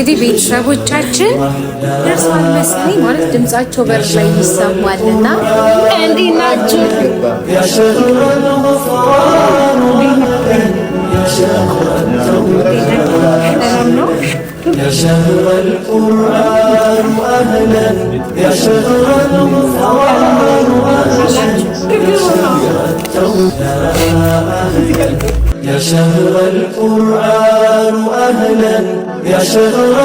እንግዲህ ቤተሰቦቻችን ደርሷል መሰለኝ። ማለት ድምጻቸው በር ላይ ይሰማልና እንዴት ናችሁ? ያሸህረል ቁርአኑ አህለን ያሸህረል يا شهر القرآن أهلا يا شهر يا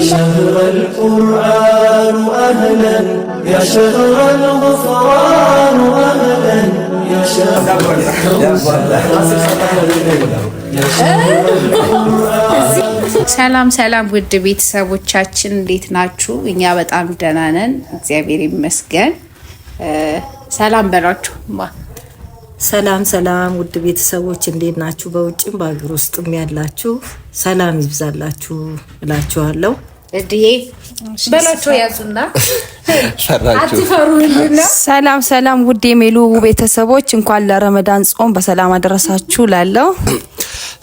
شهر القرآن أهلا يا شهر الغفران أهلا يا شهر القرآن أهلا ሰላም ሰላም፣ ውድ ቤተሰቦቻችን እንዴት ናችሁ? እኛ በጣም ደህና ነን፣ እግዚአብሔር ይመስገን። ሰላም በሏችሁ። ሰላም ሰላም፣ ውድ ቤተሰቦች እንዴት ናችሁ? በውጭም በሀገር ውስጥም ያላችሁ ሰላም ይብዛላችሁ እላችኋለሁ። ያዙና ሰላም ሰላም፣ ውድ የሚሉ ቤተሰቦች እንኳን ለረመዳን ጾም በሰላም አደረሳችሁ ላለው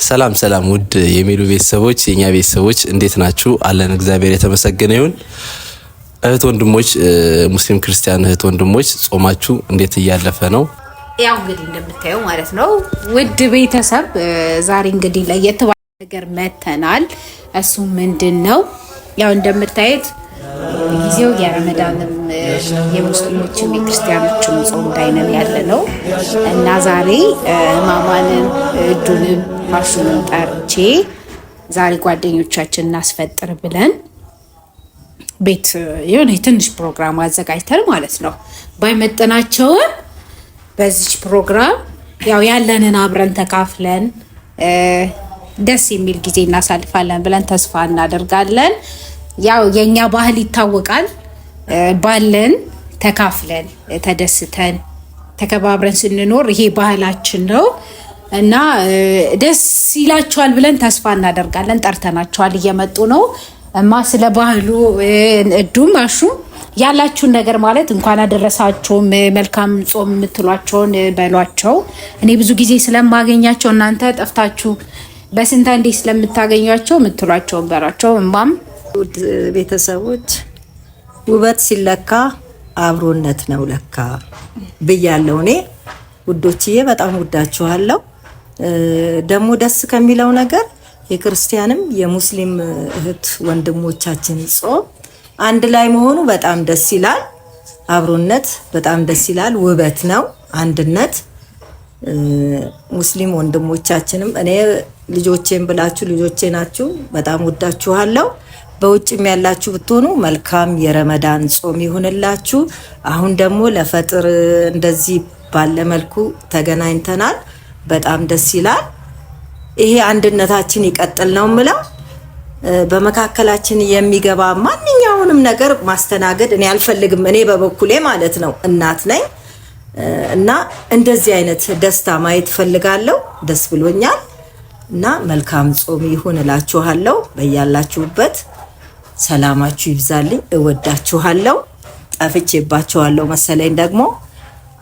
ሰላም ሰላም፣ ውድ የሚሉ ቤተሰቦች የኛ ቤተሰቦች እንዴት ናችሁ? አለን እግዚአብሔር የተመሰገነ ይሁን። እህት ወንድሞች፣ ሙስሊም ክርስቲያን እህት ወንድሞች ጾማችሁ እንዴት እያለፈ ነው? ያው እንግዲህ እንደምታየው ማለት ነው ውድ ቤተሰብ፣ ዛሬ እንግዲህ ለየት ባለ ነገር መተናል። እሱ ምንድን ነው? ያው እንደምታየት ጊዜው የረመዳንም የሙስሊሞችም የክርስቲያኖችም ጾም ዳይነም ያለ ነው እና ዛሬ ማማንም እዱንም ማሹንም ጠርቼ ዛሬ ጓደኞቻችን እናስፈጥር ብለን ቤት የሆነ የትንሽ ፕሮግራም አዘጋጅተን ማለት ነው። ባይመጠናቸው በዚች ፕሮግራም ያው ያለንን አብረን ተካፍለን ደስ የሚል ጊዜ እናሳልፋለን ብለን ተስፋ እናደርጋለን። ያው የእኛ ባህል ይታወቃል። ባለን ተካፍለን ተደስተን ተከባብረን ስንኖር ይሄ ባህላችን ነው እና ደስ ይላቸዋል ብለን ተስፋ እናደርጋለን። ጠርተናቸዋል፣ እየመጡ ነው። እማ ስለ ባህሉ እዱም አሹ ያላችሁን ነገር ማለት እንኳን አደረሳችሁም መልካም ጾም የምትሏቸውን በሏቸው። እኔ ብዙ ጊዜ ስለማገኛቸው እናንተ ጠፍታችሁ በስንታ እንዴ ስለምታገኟቸው የምትሏቸውን በሏቸው እማም ውድ ቤተሰቦች ውበት ሲለካ አብሮነት ነው ለካ ብያለው። እኔ ውዶችዬ፣ በጣም ውዳችኋለሁ። ደግሞ ደስ ከሚለው ነገር የክርስቲያንም የሙስሊም እህት ወንድሞቻችን ጾም አንድ ላይ መሆኑ በጣም ደስ ይላል። አብሮነት በጣም ደስ ይላል። ውበት ነው አንድነት። ሙስሊም ወንድሞቻችንም እኔ ልጆቼን ብላችሁ ልጆቼ ናችሁ፣ በጣም ወዳችኋለሁ። በውጭም ያላችሁ ብትሆኑ መልካም የረመዳን ጾም ይሁንላችሁ። አሁን ደግሞ ለፈጥር እንደዚህ ባለ መልኩ ተገናኝተናል። በጣም ደስ ይላል። ይሄ አንድነታችን ይቀጥል ነው ምለው። በመካከላችን የሚገባ ማንኛውንም ነገር ማስተናገድ እኔ አልፈልግም። እኔ በበኩሌ ማለት ነው እናት ነኝ እና እንደዚህ አይነት ደስታ ማየት ፈልጋለሁ። ደስ ብሎኛል እና መልካም ጾም ይሁን እላችኋለሁ በያላችሁበት ሰላማችሁ ይብዛልኝ። እወዳችኋለሁ። ጠፍቼባችኋለሁ መሰለኝ ደግሞ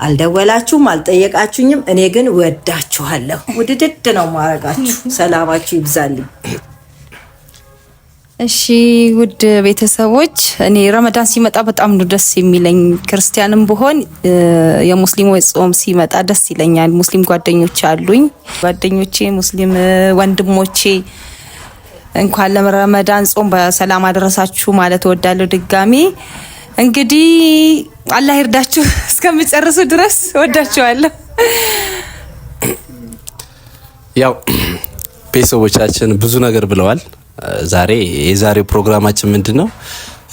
አልደወላችሁም፣ አልጠየቃችሁኝም። እኔ ግን ወዳችኋለሁ። ውድድድ ነው ማረጋችሁ። ሰላማችሁ ይብዛልኝ። እሺ ውድ ቤተሰቦች፣ እኔ ረመዳን ሲመጣ በጣም ነው ደስ የሚለኝ። ክርስቲያንም ብሆን የሙስሊም ጾም ሲመጣ ደስ ይለኛል። ሙስሊም ጓደኞች አሉኝ። ጓደኞቼ ሙስሊም ወንድሞቼ እንኳን ለረመዳን ጾም በሰላም አደረሳችሁ ማለት እወዳለሁ። ድጋሚ እንግዲህ አላህ ይርዳችሁ እስከሚጨርሱ ድረስ ወዳችኋለሁ። ያው ቤተሰቦቻችን ብዙ ነገር ብለዋል። ዛሬ የዛሬው ፕሮግራማችን ምንድን ነው?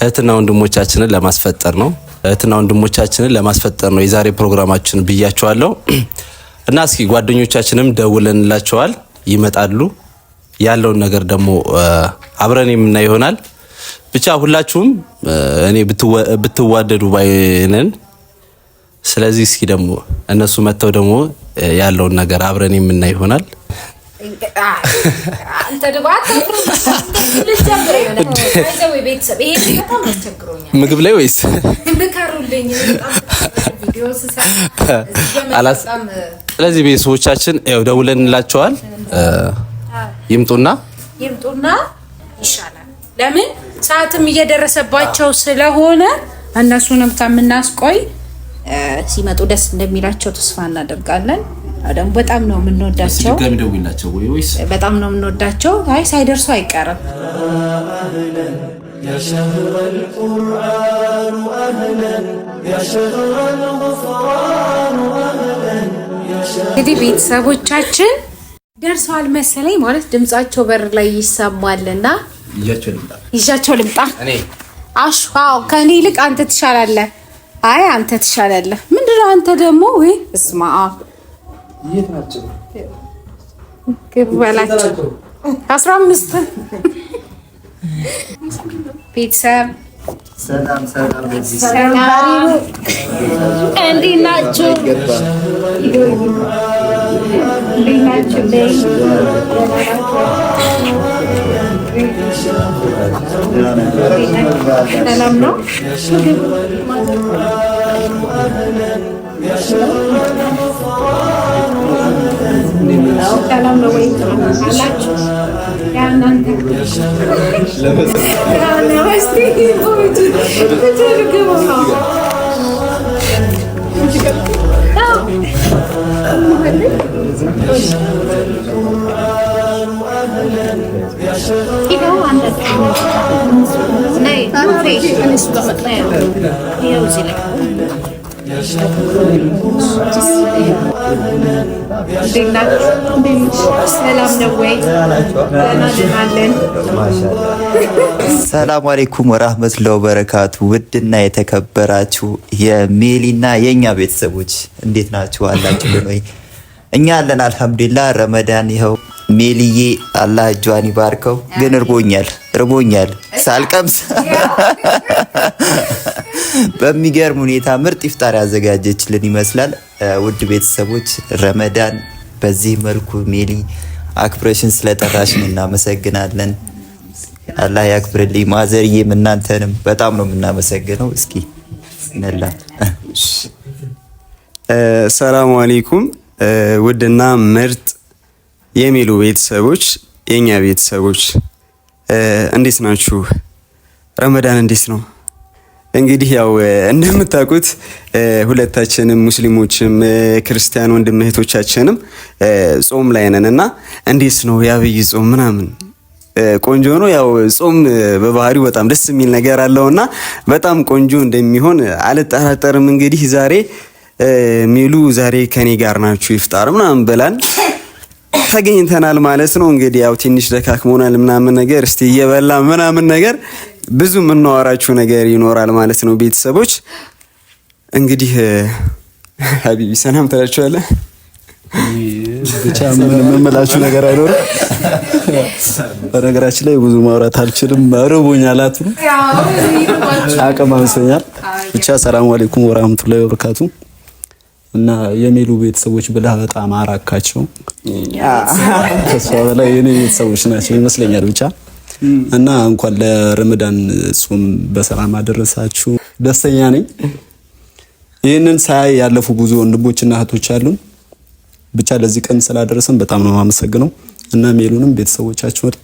እህትና ወንድሞቻችንን ለማስፈጠር ነው። እህትና ወንድሞቻችንን ለማስፈጠር ነው የዛሬ ፕሮግራማችን ብያቸዋለሁ። እና እስኪ ጓደኞቻችንም ደውለንላቸዋል ይመጣሉ። ያለውን ነገር ደግሞ አብረን የምናይ ይሆናል። ብቻ ሁላችሁም እኔ ብትዋደዱ ባይንን። ስለዚህ እስኪ ደግሞ እነሱ መጥተው ደግሞ ያለውን ነገር አብረን የምናይ ይሆናል። ምግብ ላይ ወይስ ስለዚህ ቤተሰቦቻችን ያው ደውለንላቸዋል። ይምጡና ይምጡና ይሻላል። ለምን ሰዓትም እየደረሰባቸው ስለሆነ እነሱንም ከምናስቆይ ሲመጡ ደስ እንደሚላቸው ተስፋ እናደርጋለን። ደግሞ በጣም ነው የምንወዳቸው፣ በጣም ነው የምንወዳቸው። አይ ሳይደርሱ አይቀርም። እንግዲህ ቤተሰቦቻችን ደርሰዋል መሰለኝ። ማለት ድምጻቸው በር ላይ ይሰማልና ይዣቸው ልምጣ። አሹ አዎ፣ ከኔ ይልቅ አንተ ትሻላለህ። አይ አንተ ትሻላለህ። ምንድነው አንተ ደግሞ ወይ እስማ ግቡ አስራ አምስት ቤተሰብ እንዴት ናችሁ? Bring back to base. سلام ነው ሰላም ነው ወይ አላችሁ ያናንተ ነው እስቲ ቦይቱ ተጀርገው ነው Oh, ሰላም አሌይኩም ወራህመቱላሂ ወበረካቱ። ውድና የተከበራችሁ የሜሊና የእኛ ቤተሰቦች እንዴት ናችሁ? አላችሁ ወይ? እኛ አለን አልሐምዱላ ረመዳን ይኸው ሜልዬ አላህ እጇን ይባርከው። ግን እርቦኛል እርቦኛል ሳልቀምስ በሚገርም ሁኔታ ምርጥ ይፍጣር ያዘጋጀችልን ይመስላል። ውድ ቤተሰቦች ረመዳን በዚህ መልኩ ሜሊ አክብረሽን ስለጠራሽን እናመሰግናለን። አላህ ያክብርልኝ። ማዘርዬም እናንተንም በጣም ነው የምናመሰግነው። እስኪ ነላ ሰላሙ አሌይኩም ውድና ምርጥ የሚሉ ቤተሰቦች የኛ ቤተሰቦች እንዴት ናችሁ? ረመዳን እንዴት ነው? እንግዲህ ያው እንደምታውቁት ሁለታችንም ሙስሊሞችም ክርስቲያን ወንድም እህቶቻችንም ጾም ላይ ነን እና እንዴት ነው የአብይ ጾም ምናምን ቆንጆ ነው። ያው ጾም በባህሪው በጣም ደስ የሚል ነገር አለው እና በጣም ቆንጆ እንደሚሆን አልጠራጠርም። እንግዲህ ዛሬ ሚሉ ዛሬ ከኔ ጋር ናችሁ ይፍጣር ምናምን ብላን ተገኝተናል ማለት ነው። እንግዲህ ያው ትንሽ ደካክሞናል ምናምን ነገር እስቲ እየበላ ምናምን ነገር ብዙ የምናወራችሁ ነገር ይኖራል ማለት ነው። ቤተሰቦች እንግዲህ ሀቢቢ ሰላም ትላችኋለህ። ብቻ ምን የምንላችሁ ነገር አይኖርም። በነገራችን ላይ ብዙ ማውራት አልችልም። ርቦኛል፣ አቅም አንሶኛል። ብቻ ሰላም አለይኩም ወራህመቱላሂ ወበረካቱ እና የሚሉ ቤተሰቦች ብለህ በጣም አራካቸው። ከእሷ በላይ የኔ ቤተሰቦች ናቸው ይመስለኛል ብቻ እና እንኳን ለረመዳን ጾም በሰላም አደረሳችሁ። ደስተኛ ነኝ። ይህንን ሳያይ ያለፉ ብዙ ወንድሞችና እህቶች አሉን። ብቻ ለዚህ ቀን ስላደረሰን በጣም ነው የማመሰግነው እና ሜሉንም ቤተሰቦቻችሁን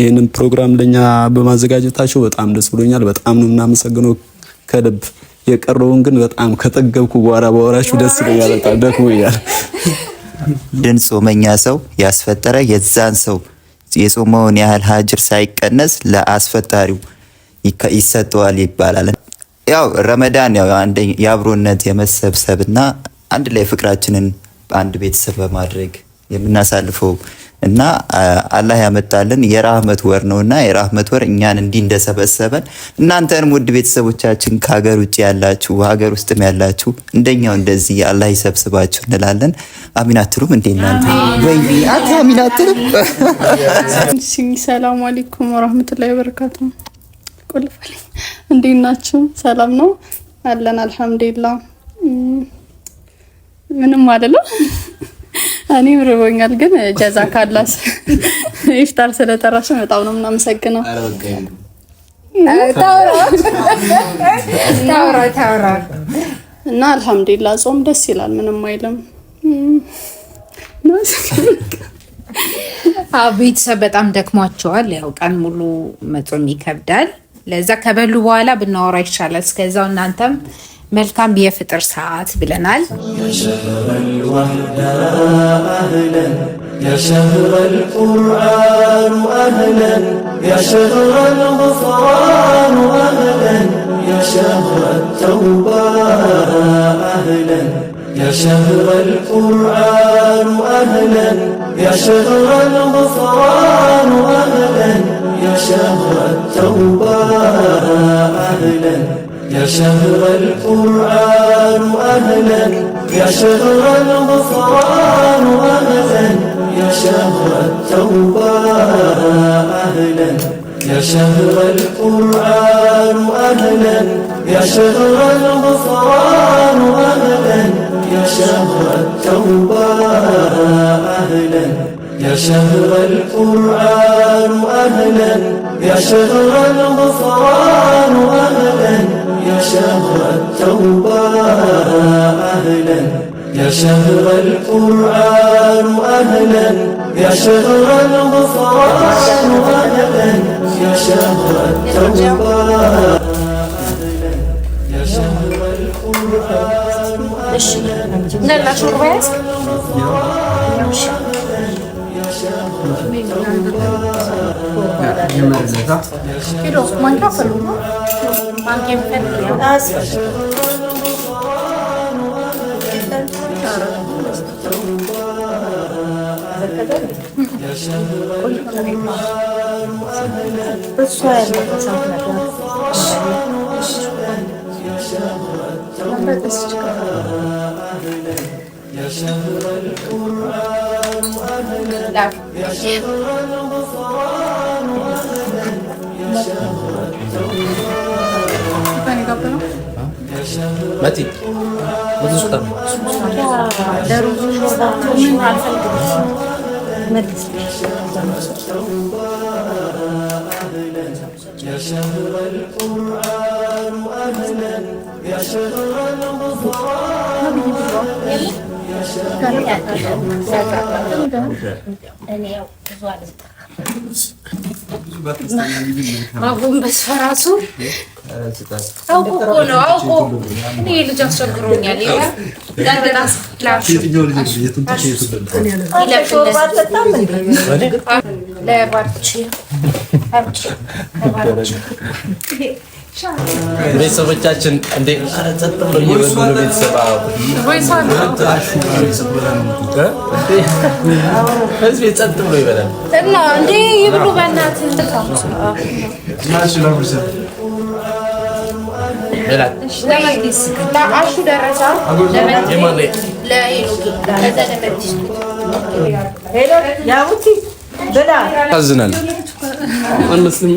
ይህንን ፕሮግራም ለኛ በማዘጋጀታቸው በጣም ደስ ብሎኛል። በጣም ነው የምናመሰግነው ከልብ የቀረውን ግን በጣም ከጠገብኩ በኋላ በወራችሁ ደስ ይለኛል። በጣም ደክሞኛል። ግን ጾመኛ ሰው ያስፈጠረ የዛን ሰው የጾመውን ያህል ሀጅር ሳይቀነስ ለአስፈጣሪው ይሰጠዋል ይባላል። ያው ረመዳን ያው የአብሮነት የመሰብሰብና አንድ ላይ ፍቅራችንን በአንድ ቤተሰብ በማድረግ የምናሳልፈው እና አላህ ያመጣልን የራህመት ወር ነውና የራህመት ወር እኛን እንዲህ እንደሰበሰበን እናንተንም ውድ ቤተሰቦቻችን ከሀገር ውጭ ያላችሁ ሀገር ውስጥም ያላችሁ እንደኛው እንደዚህ አላህ ይሰብስባችሁ እንላለን። አሚናትሩም እንዴ እናንተ? ወይ አት አሚን አትልም? ሰላም አለይኩም ወራህመቱላሂ ወበረካቱ። ቆልፋለኝ። እንዴ ናችሁ? ሰላም ነው አለን። አልሐምዱሊላህ ምንም አይደለም። እኔም ርቦኛል፣ ግን ጀዛ ካላስ ይፍጣር ስለጠራሽ በጣም ነው የምናመሰግነው። እና አልሐምዱሊላ ጾም ደስ ይላል፣ ምንም አይልም። ቤተሰብ በጣም ደክሟቸዋል። ያው ቀን ሙሉ መጾም ይከብዳል። ለዛ ከበሉ በኋላ ብናወራ ይሻላል። እስከዛው እናንተም ملكام بيا فطر ساعات بلنال يا شهر الوحدة أهلا يا شهر القرآن أهلا يا شهر الغفران أهلا يا شهر التوبة أهلا يا شهر القرآن أهلا يا شهر الغفران أهلا يا شهر التوبة أهلا يا شهر القرآن أهلا يا شهر الغفران أهلا يا شهر التوبة أهلا يا شهر القرآن أهلا يا شهر الغفران أهلا يا شهر التوبة أهلا يا شهر القرآن أهلا يا شهر الغفران التوبة أهلا يا شهر القرآن أهلا يا شهر الغفران أهلا يا شهر التوبة يا شهر القرآن أهلا لا لا شو الغيث؟ كيلو ما نكفلو ماركين فن اسف بس شوية يا شهر القرآن أهلا يا شهر الغفران أهلا يا شهر التوبة እየተጋባ ነው። እኔ ያው ብዙ አልጠቀምም ማጎንበስ በራሱ አውቆ እኮ ነው። አውቆ እኔ ልጅ አስቸግሮኛል። ለባች ቤተሰቦቻችን እንዴ ጸጥ ብሎ እየበሉ ቤተሰብ ህዝብ ጸጥ ብሎ ይበላል እና እንዴ ይብሉ በእናትህ ለአሹ ደረሳ ያዝናል አንመስልም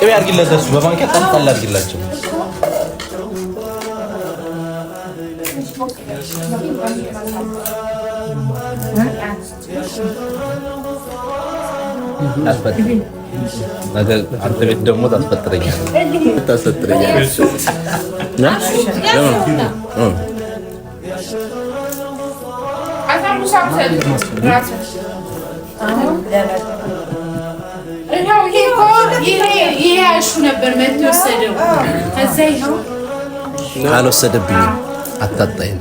ቅቤ አድርጊለት፣ ለሱ በማንኪያ ጣል አድርጊላቸው። ነገ አንተ ቤት ደግሞ ታስፈጥረኛለህ ታስፈጥረኛለህ። ይሄ እሹ ነበር መጥቶ ወሰደው። ከዛ ይኸው አልወሰደብኝም። አታጣይም፣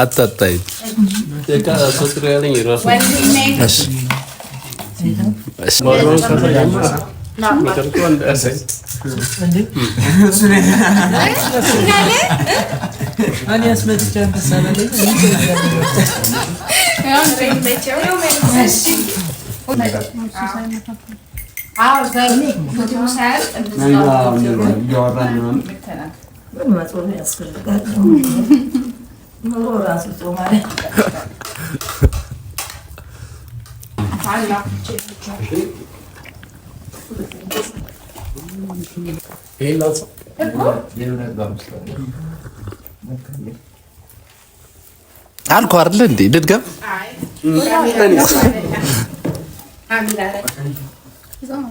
አታጣይም። መጾም ያስፈልጋል። አልኩህ አይደለ እንዴ? ልድገም እንዳያቃጥል ይችላል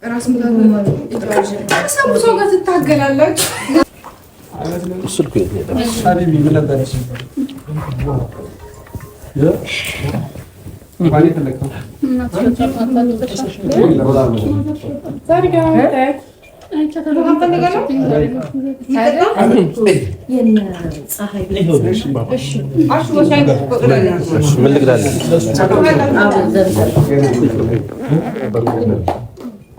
ስልኩ የት ነው የደረሰው?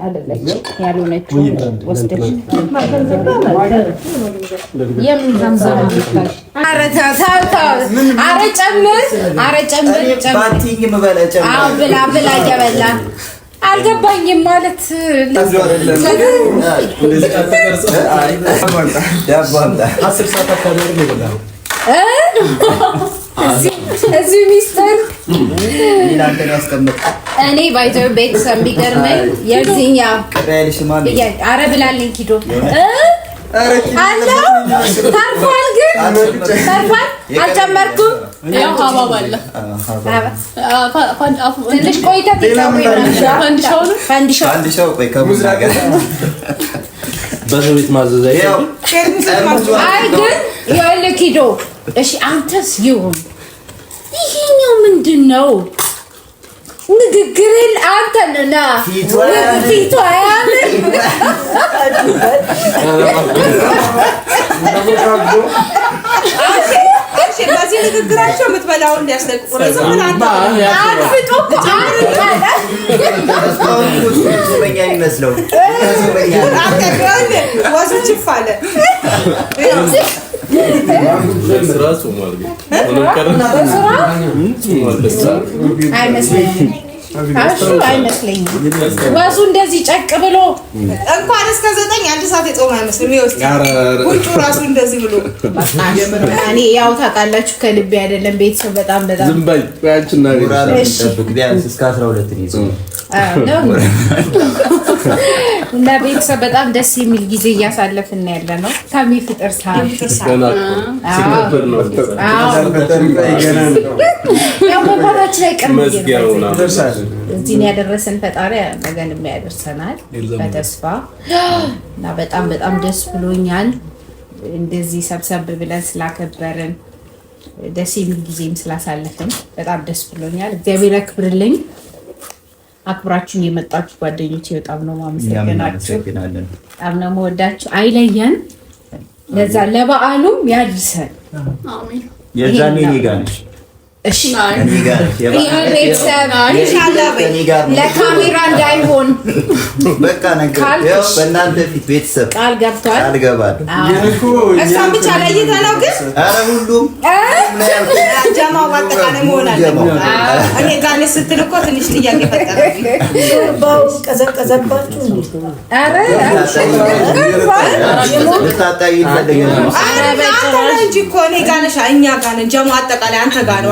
አይደለችም ያልሆነችው ወስደሽ የምን ዘምዘም ጨምር፣ ኧረ ጨምር ብላ ብላ እየበላ አልገባኝም ማለት አስር እዚህ ሚስጥር እኔ ባይዘው ቤተሰብ የሚገርመኝ የዚህኛ አረ ብላለኝ ኪዶ አለው ተርፏል፣ ግን ተርፏል። አልጨመርኩም። ትንሽ ቆይታ በሰው ቤት ማዘዝ አይ ግን ይኸውልህ ኪዶ እሺ፣ አንተስ ይሁን ምንድን ነው ንግግርን አንተ ነና ፊቷ ያምር ንግግራቸው አይመስለኝም። ወዙ እንደዚህ ጨቅ ብሎ እንኳን እስከ ዘጠኝ አንድ ሰዓት የጾም አይመስልም። ውጭ ራሱ እንደዚህ ብሎ እኔ ያው ታውቃላችሁ፣ ከልቤ አይደለም። ቤተሰብ በጣም በጣም ዝም በይ እና ቤተሰብ በጣም ደስ የሚል ጊዜ እያሳለፍን ያለ ነው። ታሚ ፍጥር ሰዓትበባታችን ላይ ቅርብ ያደረሰን ፈጣሪ ነገንም ያደርሰናል በተስፋ እና በጣም በጣም ደስ ብሎኛል። እንደዚህ ሰብሰብ ብለን ስላከበርን ደስ የሚል ጊዜም ስላሳለፍን በጣም ደስ ብሎኛል። እግዚአብሔር ያክብርልኝ። አክብራችሁን የመጣችሁ ጓደኞች በጣም ነው ማመሰግናችሁ። በጣም ነው መወዳችሁ። አይለየን፣ ለዛ ለበዓሉም ያድሰን። የዛኔ ኔጋ ነች ለካሜራ እንዳይሆን በቃ በእናንተ ፊት ቤተሰብ ቃል ገብቷል። አልገባለሁ እሷን ብቻ ለይተህ ነው ግን ኧረ ሁሉም ጀማው በአጠቃላይ መሆን አለበት። እኔ ጋር እኔ ስትል እኮ ትንሽ ጥያቄ ፈጠረብኝ። ቀዘቀዘባችሁ ልታጣይ እኔ ጋር ነሽ፣ እኛ ጋር ነን። ጀማው አጠቃላይ አንተ ጋር ነው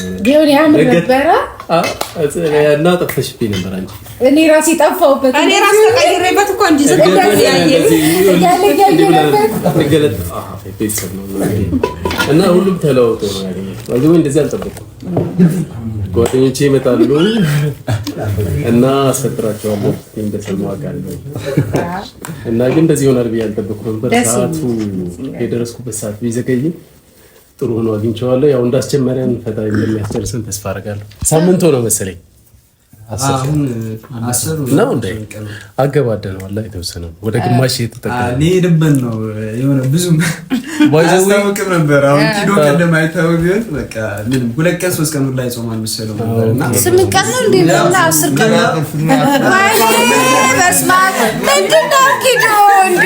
ቢሆን ያምር ነበረ እና ጠፍተሽብኝ ነበር አንቺ። እኔ ራሴ ጠፋሁበት። እኔ ራሴ ተቀይሬበት እኮ እንጂ ዝም ቤተሰብ ነው እና ሁሉም ተለውጦ ነው ያገኘሁት። እንደዚህ ጓደኞቼ ይመጣሉ እና አስፈጥራቸዋለሁ። እንደሰማ አውቃለሁ እና ግን እንደዚህ ይሆናል ብዬ ነበር። ሰዓቱ የደረስኩበት ሰዓት ቢዘገይም ጥሩ ሆኖ አግኝቼዋለሁ። ያው እንዳስጀመረን ፈታ እንደሚያስጨርሰን ተስፋ አደርጋለሁ። ሳምንት ሆነ መሰለኝ ነው እንደ ነው አላ የተወሰነ ወደ ግማሽ የተጠቀምንበት ነው። የሆነ ብዙም አስታውቅም ነበር። አሁን ኪዶ ቀደም አይታወቅ ቢሆን ምንም ሁለት ቀን ሶስት ቀን ላይ ጾም አልመሰለውም ነበር እና ስምንት ቀን ነው እንደ እና አስር ቀን ነው። በስመ አብ ምንድን ነው ኪዶ እንዴ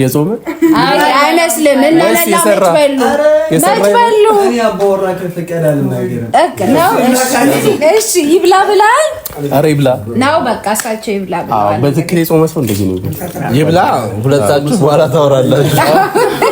የጾመ አይመስልም። ይብላ ብላል። ኧረ ይብላ ነው በቃ እሳቸው ይብላ ብለዋል። በትክክል የጾመ ሰው እንደዚህ ነው። ይብላ። ሁለታችሁ በኋላ ታወራላችሁ።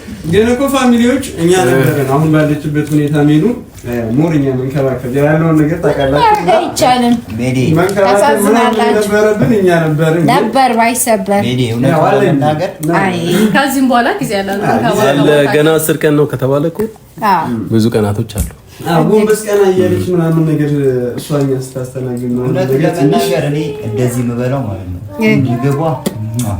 የነኮ ፋሚሊዎች እኛ ነበረን አሁን ባለችበት ሁኔታ ሜኑ ሞር እኛ መንከባከብ ያለውን ነገር ታውቃላችሁ። ነበረብን እኛ ነበርን ነበር ባይሰበር ገና አስር ቀን ነው ከተባለ እኮ ብዙ ቀናቶች አሉ። ጎንበስ ቀና እያለች ምናምን ነገር እሷ እኛ ስታስተናግድ ነገር እኔ እንደዚህ የምበላው ማለት ነው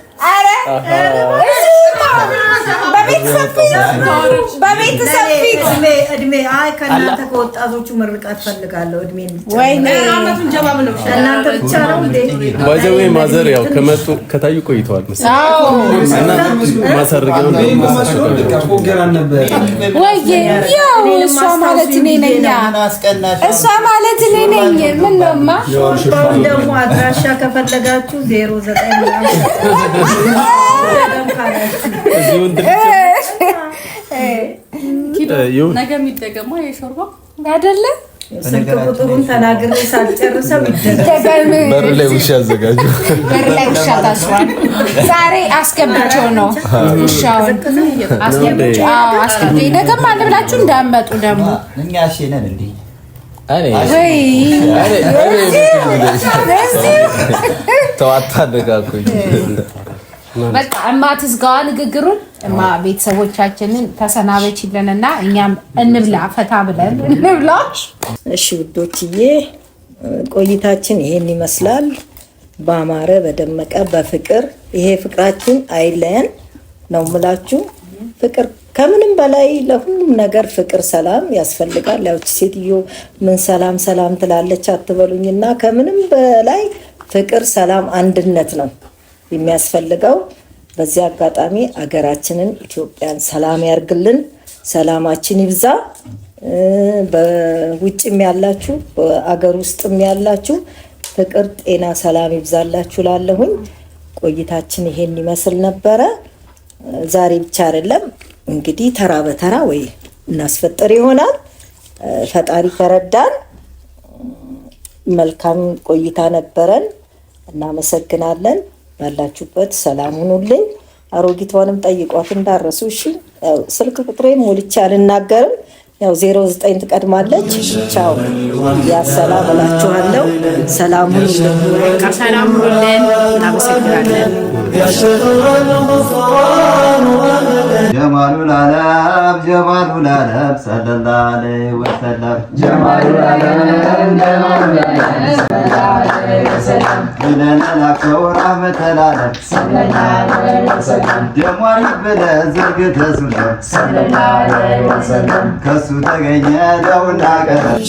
በቤተሰብ ፊት እድሜ ከእናንተ ከወጣቶቹ መርቃት ፈልጋለሁ። እድሜ እናንተ ብቻ ነው ባይዘዌ ማዘር ያው ከመጡ ከታዩ ቆይተዋል እና እሷ ማለት እኔ ነኝ። ምን ነውማ ደግሞ አድራሻ ከፈለጋችሁ ዜሮ ዘጠኝ ነገ የሚደገማ በር ላይ ውሻ አዘጋጁ። በር ላይ ውሻ ታስሯል። ዛሬ አስገብቼው ነው ውሻውን አስገብቼ። ነገም አለ ብላችሁ እንዳመጡ ደግሞ በቃ uh, እማ ንግግሩን። እማ ቤተሰቦቻችንን ተሰናበችልንና እኛም እንብላ፣ ፈታ ብለን እንብላ። እሺ ውዶችዬ፣ ቆይታችን ይሄን ይመስላል። በአማረ በደመቀ በፍቅር ይሄ ፍቅራችን አይለየን ነው የምላችሁ ፍቅር ከምንም በላይ ለሁሉም ነገር ፍቅር፣ ሰላም ያስፈልጋል። ያው ሴትዮ ምን ሰላም ሰላም ትላለች አትበሉኝ። እና ከምንም በላይ ፍቅር፣ ሰላም፣ አንድነት ነው የሚያስፈልገው። በዚህ አጋጣሚ አገራችንን ኢትዮጵያን ሰላም ያርግልን፣ ሰላማችን ይብዛ። በውጭም ያላችሁ በአገር ውስጥም ያላችሁ ፍቅር፣ ጤና፣ ሰላም ይብዛላችሁ። ላለሁኝ ቆይታችን ይሄን ይመስል ነበረ። ዛሬ ብቻ አይደለም እንግዲህ ተራ በተራ ወይ እናስፈጥር ይሆናል። ፈጣሪ ከረዳን መልካም ቆይታ ነበረን። እናመሰግናለን። ባላችሁበት ሰላም ሁኑልኝ። አሮጊቷንም ጠይቋት እንዳረሱ። እሺ ስልክ ቁጥሬ ሞልቼ አልናገርም። ያው ዜሮ ዘጠኝ ትቀድማለች። ቻው ያሰላም እላችኋለሁ። ሰላሙን እናመሰግናለን። ጀማሉል አለም ጀማሉል አለም ወሰለም ጀማሉል አለም ብለህ ዘርግተህ ተገኘ ደውና ቀረ